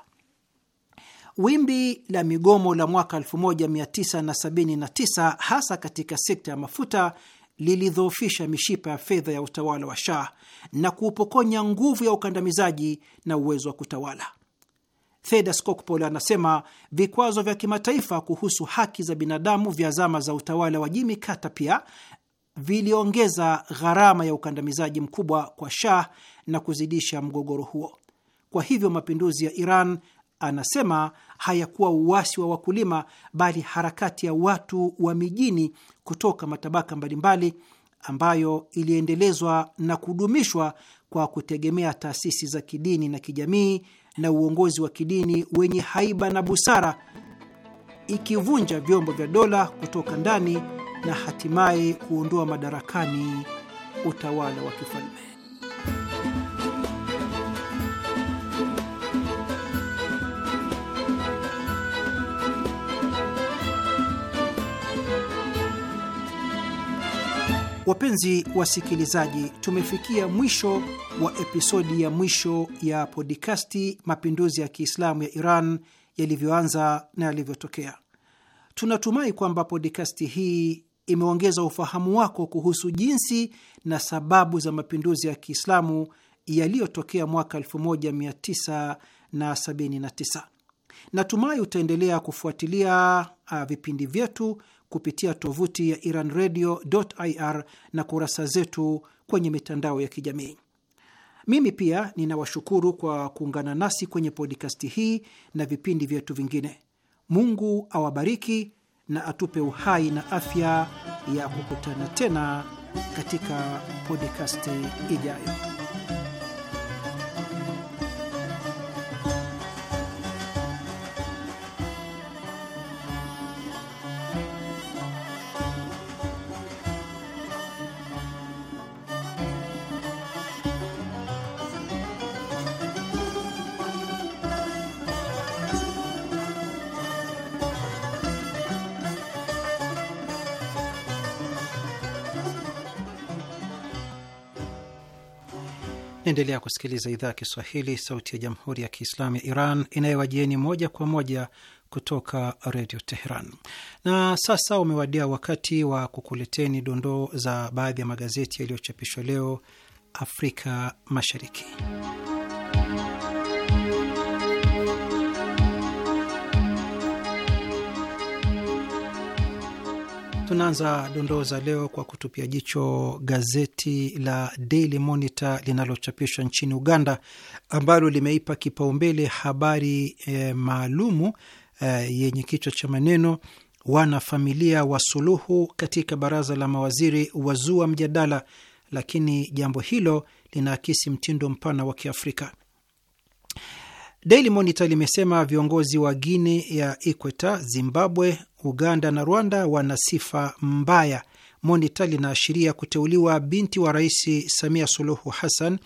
Wimbi la migomo la mwaka 1979 hasa katika sekta ya mafuta lilidhoofisha mishipa ya fedha ya utawala wa Shah na kuupokonya nguvu ya ukandamizaji na uwezo wa kutawala. Theda Skocpol anasema vikwazo vya kimataifa kuhusu haki za binadamu vya zama za utawala wa Jimmy Carter pia viliongeza gharama ya ukandamizaji mkubwa kwa Shah na kuzidisha mgogoro huo. Kwa hivyo mapinduzi ya Iran, anasema, hayakuwa uasi wa wakulima, bali harakati ya watu wa mijini kutoka matabaka mbalimbali ambayo iliendelezwa na kudumishwa kwa kutegemea taasisi za kidini na kijamii na uongozi wa kidini wenye haiba na busara, ikivunja vyombo vya dola kutoka ndani na hatimaye kuondoa madarakani utawala wa kifalme. Wapenzi wasikilizaji, tumefikia mwisho wa episodi ya mwisho ya podikasti mapinduzi ya Kiislamu ya Iran yalivyoanza na yalivyotokea. Tunatumai kwamba podikasti hii imeongeza ufahamu wako kuhusu jinsi na sababu za mapinduzi ya Kiislamu yaliyotokea mwaka 1979. Natumai utaendelea kufuatilia uh, vipindi vyetu kupitia tovuti ya iranradio.ir na kurasa zetu kwenye mitandao ya kijamii. Mimi pia ninawashukuru kwa kuungana nasi kwenye podkasti hii na vipindi vyetu vingine. Mungu awabariki na atupe uhai na afya ya kukutana tena katika podcast ijayo. Mnaendelea kusikiliza idhaa ya Kiswahili, sauti ya jamhuri ya kiislamu ya Iran inayowajieni moja kwa moja kutoka redio Teheran. Na sasa umewadia wakati wa kukuleteni dondoo za baadhi ya magazeti yaliyochapishwa leo Afrika Mashariki. Tunaanza dondoo za leo kwa kutupia jicho gazeti la Daily Monitor linalochapishwa nchini Uganda, ambalo limeipa kipaumbele habari e, maalumu e, yenye kichwa cha maneno wanafamilia wa Suluhu katika baraza la mawaziri wazua mjadala, lakini jambo hilo linaakisi mtindo mpana wa Kiafrika. Daily Monitor limesema viongozi wa guine ya Ikweta, Zimbabwe, Uganda na Rwanda wana sifa mbaya. Monitor linaashiria kuteuliwa binti wa Rais Samia Suluhu Hassan,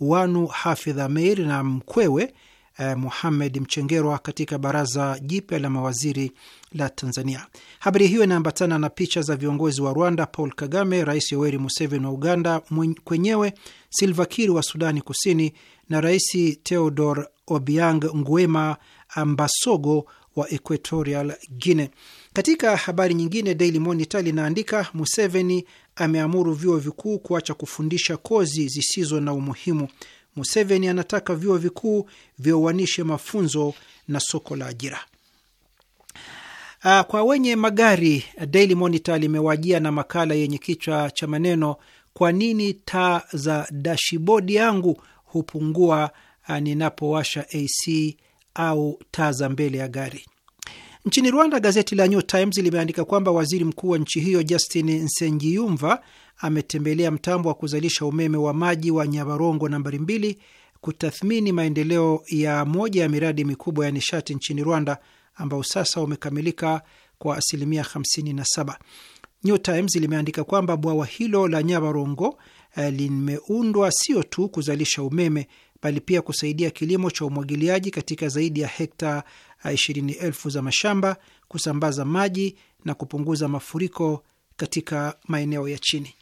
Wanu Hafidh Ameir na mkwewe eh, Muhamed Mchengerwa katika baraza jipya la mawaziri la Tanzania. Habari hiyo inaambatana na picha za viongozi wa Rwanda, Paul Kagame, Rais Yoweri Museveni wa Uganda mwenyewe, Salva Kiir wa Sudani Kusini na Rais Theodore Obiang Nguema Ambasogo wa Equatorial Guine. Katika habari nyingine, Daily Monitor linaandika Museveni ameamuru vyuo vikuu kuacha kufundisha kozi zisizo na umuhimu. Museveni anataka vyuo vikuu vyowanishe mafunzo na soko la ajira. Ah, kwa wenye magari, Daily Monitor limewajia na makala yenye kichwa cha maneno, kwa nini taa za dashibodi yangu hupungua Uh, ninapowasha AC au taa za mbele ya gari. Nchini Rwanda, gazeti la New Times limeandika kwamba waziri mkuu wa nchi hiyo Justin Nsengiyumva ametembelea mtambo wa kuzalisha umeme wa maji wa Nyabarongo nambari mbili kutathmini maendeleo ya moja ya miradi mikubwa ya nishati nchini Rwanda ambao sasa umekamilika kwa asilimia 57. New Times limeandika kwamba bwawa hilo la Nyabarongo eh, limeundwa sio tu kuzalisha umeme bali pia kusaidia kilimo cha umwagiliaji katika zaidi ya hekta ah, ishirini za mashamba, kusambaza maji na kupunguza mafuriko katika maeneo ya chini.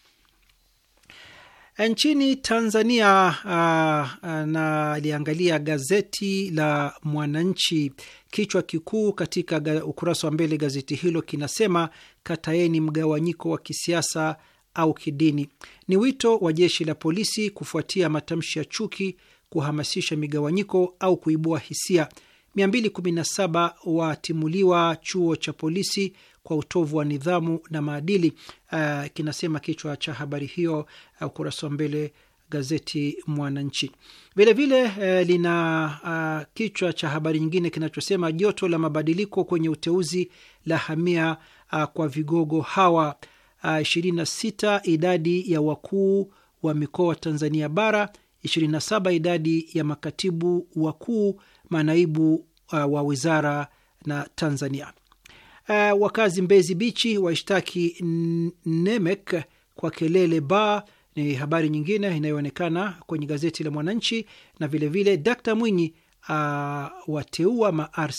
Nchini Tanzania ah, ah, na aliangalia gazeti la Mwananchi. Kichwa kikuu katika ukurasa wa mbele gazeti hilo kinasema kataeni mgawanyiko wa kisiasa au kidini. Ni wito wa jeshi la polisi kufuatia matamshi ya chuki kuhamasisha migawanyiko au kuibua hisia. 217 watimuliwa chuo cha polisi kwa utovu wa nidhamu na maadili, uh, kinasema kichwa cha habari hiyo, uh, ukurasa uh, wa mbele gazeti Mwananchi. Vilevile uh, lina uh, kichwa cha habari nyingine kinachosema joto la mabadiliko kwenye uteuzi la hamia uh, kwa vigogo hawa uh, 26 idadi ya wakuu wa mikoa Tanzania bara 27 idadi ya makatibu wakuu, manaibu uh, wa wizara na Tanzania. Uh, wakazi Mbezi Bichi waishtaki NEMEK kwa kelele ba ni habari nyingine inayoonekana kwenye gazeti la Mwananchi na vilevile vile, Mwinyi uh, wateua marc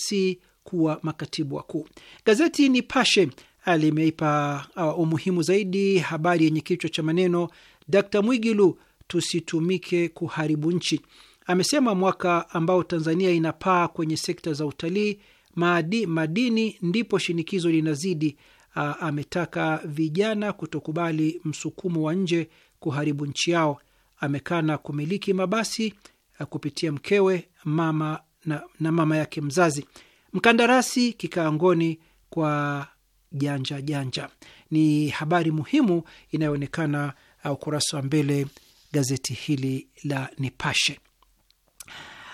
kuwa makatibu wakuu. Gazeti Nipashe uh, limeipa uh, umuhimu zaidi habari yenye kichwa cha maneno d Mwigilu tusitumike kuharibu nchi. Amesema mwaka ambao Tanzania inapaa kwenye sekta za utalii, maadi, madini, ndipo shinikizo linazidi. A, ametaka vijana kutokubali msukumo wa nje kuharibu nchi yao. Amekana kumiliki mabasi a, kupitia mkewe mama na, na mama yake mzazi. Mkandarasi kikaangoni kwa janja janja, ni habari muhimu inayoonekana ukurasa wa mbele gazeti hili la Nipashe.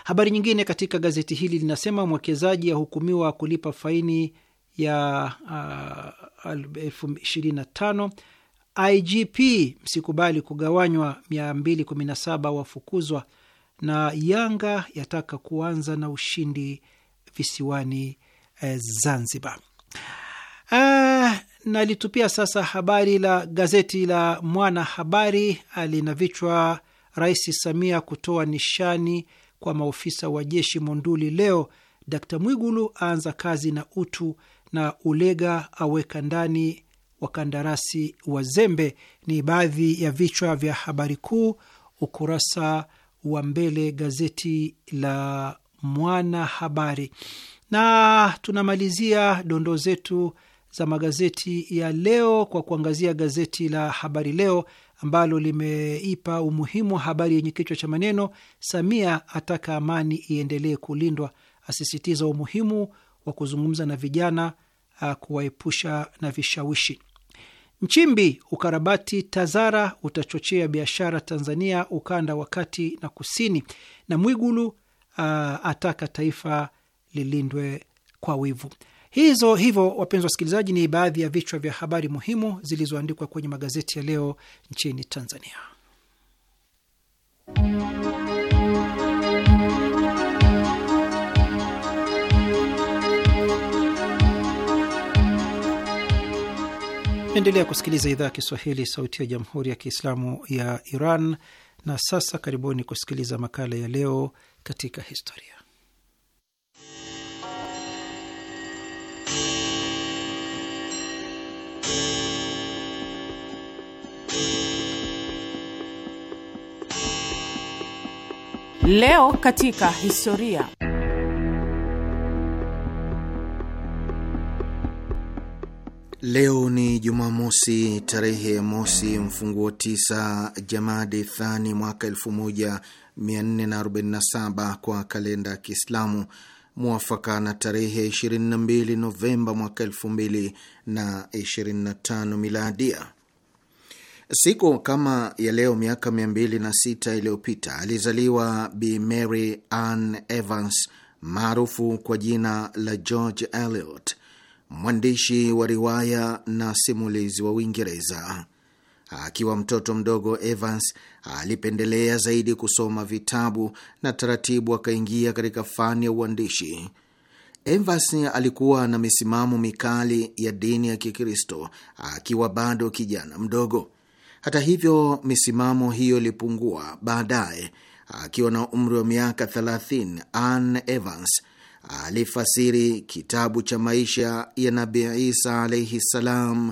Habari nyingine katika gazeti hili linasema mwekezaji ahukumiwa kulipa faini ya uh, elfu ishirini na tano. IGP msikubali kugawanywa, 217 wafukuzwa, na Yanga yataka kuanza na ushindi visiwani eh, Zanzibar. Ah, nalitupia sasa habari la gazeti la Mwana Habari alina vichwa: Rais Samia kutoa nishani kwa maofisa wa jeshi Monduli leo, Dkt Mwigulu aanza kazi na utu, na Ulega aweka ndani wakandarasi wazembe, ni baadhi ya vichwa vya habari kuu ukurasa wa mbele gazeti la Mwana Habari, na tunamalizia dondoo zetu za magazeti ya leo kwa kuangazia gazeti la Habari Leo ambalo limeipa umuhimu habari yenye kichwa cha maneno Samia ataka amani iendelee kulindwa, asisitiza umuhimu wa kuzungumza na vijana uh, kuwaepusha na vishawishi. Nchimbi, ukarabati TAZARA utachochea biashara Tanzania ukanda wa kati na kusini, na Mwigulu uh, ataka taifa lilindwe kwa wivu. Hizo hivyo, wapenzi wasikilizaji, ni baadhi ya vichwa vya habari muhimu zilizoandikwa kwenye magazeti ya leo nchini Tanzania. Endelea kusikiliza idhaa ya Kiswahili, sauti ya jamhuri ya kiislamu ya Iran. Na sasa karibuni kusikiliza makala ya leo katika historia Leo katika historia. Leo ni Jumamosi tarehe ya mosi mfunguo tisa Jamadi Thani mwaka 1447 kwa kalenda ya Kiislamu mwafaka na tarehe 22 Novemba mwaka 2025 miladia. Siku kama ya leo miaka mia sita iliyopita alizaliwa Bi Mary Ann Evans maarufu kwa jina la George Eliot, mwandishi wa riwaya na simulizi wa Uingereza. Akiwa mtoto mdogo, Evans alipendelea zaidi kusoma vitabu na taratibu akaingia katika fani ya uandishi. Evans alikuwa na misimamo mikali ya dini ya Kikristo akiwa bado kijana mdogo. Hata hivyo, misimamo hiyo ilipungua baadaye. Akiwa na umri wa miaka 30, ann Evans alifasiri kitabu cha maisha ya Nabii Isa alaihi ssalam,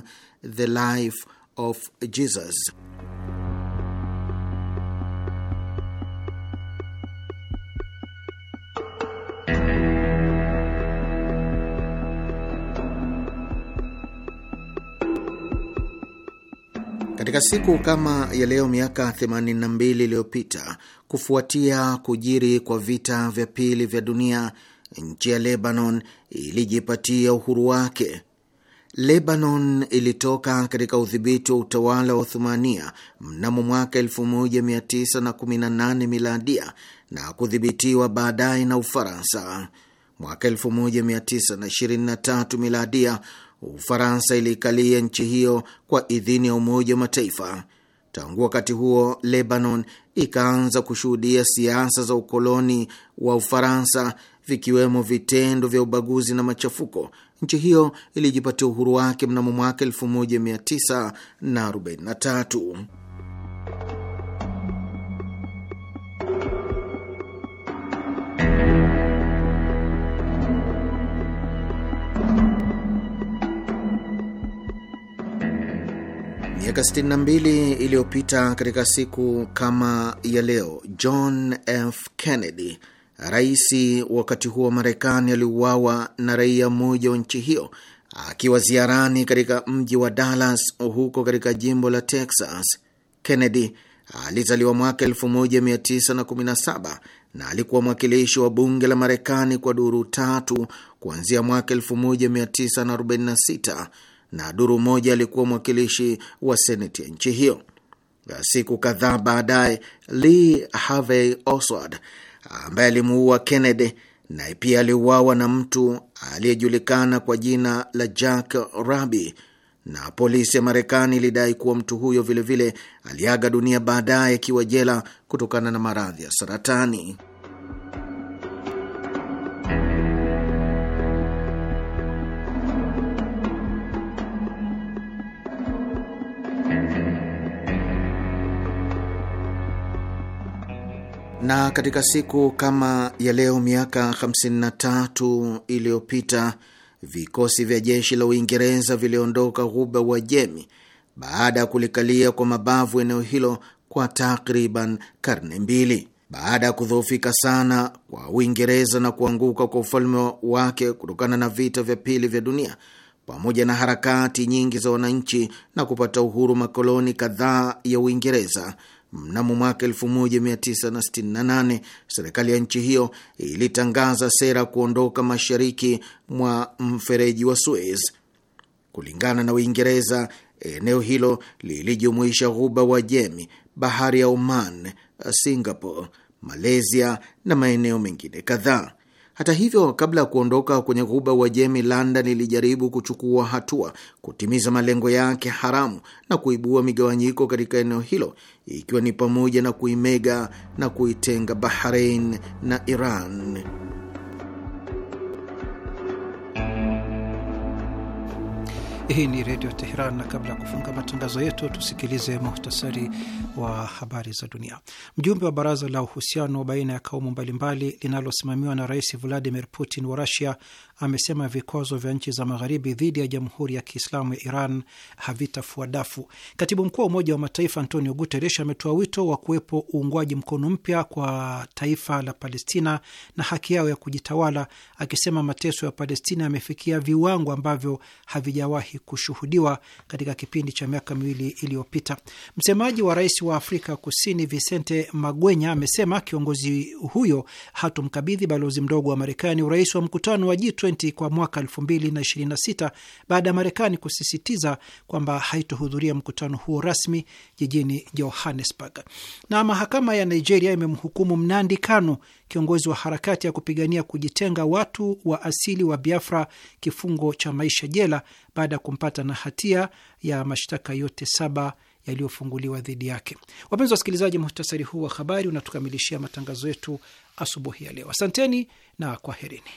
The Life of Jesus. Katika siku kama ya leo miaka 82 iliyopita, kufuatia kujiri kwa vita vya pili vya dunia, nchi ya Lebanon ilijipatia uhuru wake. Lebanon ilitoka katika udhibiti wa utawala wa Uthumania mnamo mwaka 1918 miladia na kudhibitiwa baadaye na Ufaransa. Mwaka 1923 miladia Ufaransa iliikalia nchi hiyo kwa idhini ya Umoja wa Mataifa. Tangu wakati huo, Lebanon ikaanza kushuhudia siasa za ukoloni wa Ufaransa, vikiwemo vitendo vya ubaguzi na machafuko. Nchi hiyo ilijipatia uhuru wake mnamo mwaka 1943. Miaka 62 iliyopita katika siku kama ya leo, John F. Kennedy, rais wakati huo wa Marekani, aliuawa na raia mmoja wa nchi hiyo akiwa ziarani katika mji wa Dallas huko katika jimbo la Texas. Kennedy alizaliwa mwaka 1917 na alikuwa mwakilishi wa bunge la Marekani kwa duru tatu kuanzia mwaka 1946 na duru moja alikuwa mwakilishi wa seneti ya nchi hiyo. Siku kadhaa baadaye, Lee Harvey Oswald ambaye alimuua Kennedy naye pia aliuawa na mtu aliyejulikana kwa jina la Jack Ruby, na polisi ya Marekani ilidai kuwa mtu huyo vilevile aliaga dunia baadaye akiwa jela kutokana na maradhi ya saratani. Na katika siku kama ya leo miaka 53 iliyopita vikosi vya jeshi la Uingereza viliondoka ghuba Uajemi baada ya kulikalia kwa mabavu eneo hilo kwa takriban karne mbili. Baada ya kudhoofika sana kwa Uingereza na kuanguka kwa ufalme wake kutokana na vita vya pili vya dunia pamoja na harakati nyingi za wananchi na kupata uhuru makoloni kadhaa ya Uingereza, Mnamo mwaka 1968 serikali ya nchi hiyo ilitangaza sera kuondoka mashariki mwa mfereji wa Suez. Kulingana na Uingereza, eneo hilo lilijumuisha ghuba wa Jemi, bahari ya Oman, Singapore, Malaysia na maeneo mengine kadhaa. Hata hivyo, kabla ya kuondoka kwenye ghuba Jemi, London ilijaribu kuchukua hatua kutimiza malengo yake haramu na kuibua migawanyiko katika eneo hilo, ikiwa ni pamoja na kuimega na kuitenga Bahrain na Iran. Hii ni Redio Teheran, na kabla ya kufunga matangazo yetu tusikilize muhtasari wa habari za dunia. Mjumbe wa Baraza la Uhusiano baina ya kaumu mbalimbali linalosimamiwa na Rais Vladimir Putin wa Rusia amesema vikwazo vya nchi za Magharibi dhidi ya Jamhuri ya Kiislamu ya Iran havitafua dafu. Katibu mkuu wa Umoja wa Mataifa Antonio Guterres ametoa wito wa kuwepo uungwaji mkono mpya kwa taifa la Palestina na haki yao ya kujitawala, akisema mateso ya Palestina yamefikia viwango ambavyo havijawahi kushuhudiwa katika kipindi cha miaka miwili iliyopita. Msemaji wa rais wa Afrika Kusini Vicente Magwenya amesema kiongozi huyo hatumkabidhi balozi mdogo wa Marekani urais wa mkutano wa G20 kwa mwaka 2026 baada ya Marekani kusisitiza kwamba haitohudhuria mkutano huo rasmi jijini Johannesburg. Na mahakama ya Nigeria imemhukumu mnandi Kanu kiongozi wa harakati ya kupigania kujitenga watu wa asili wa Biafra kifungo cha maisha jela baada ya kumpata na hatia ya mashtaka yote saba yaliyofunguliwa dhidi yake. Wapenzi wasikilizaji, muhtasari huu wa habari unatukamilishia matangazo yetu asubuhi ya leo. Asanteni na kwaherini.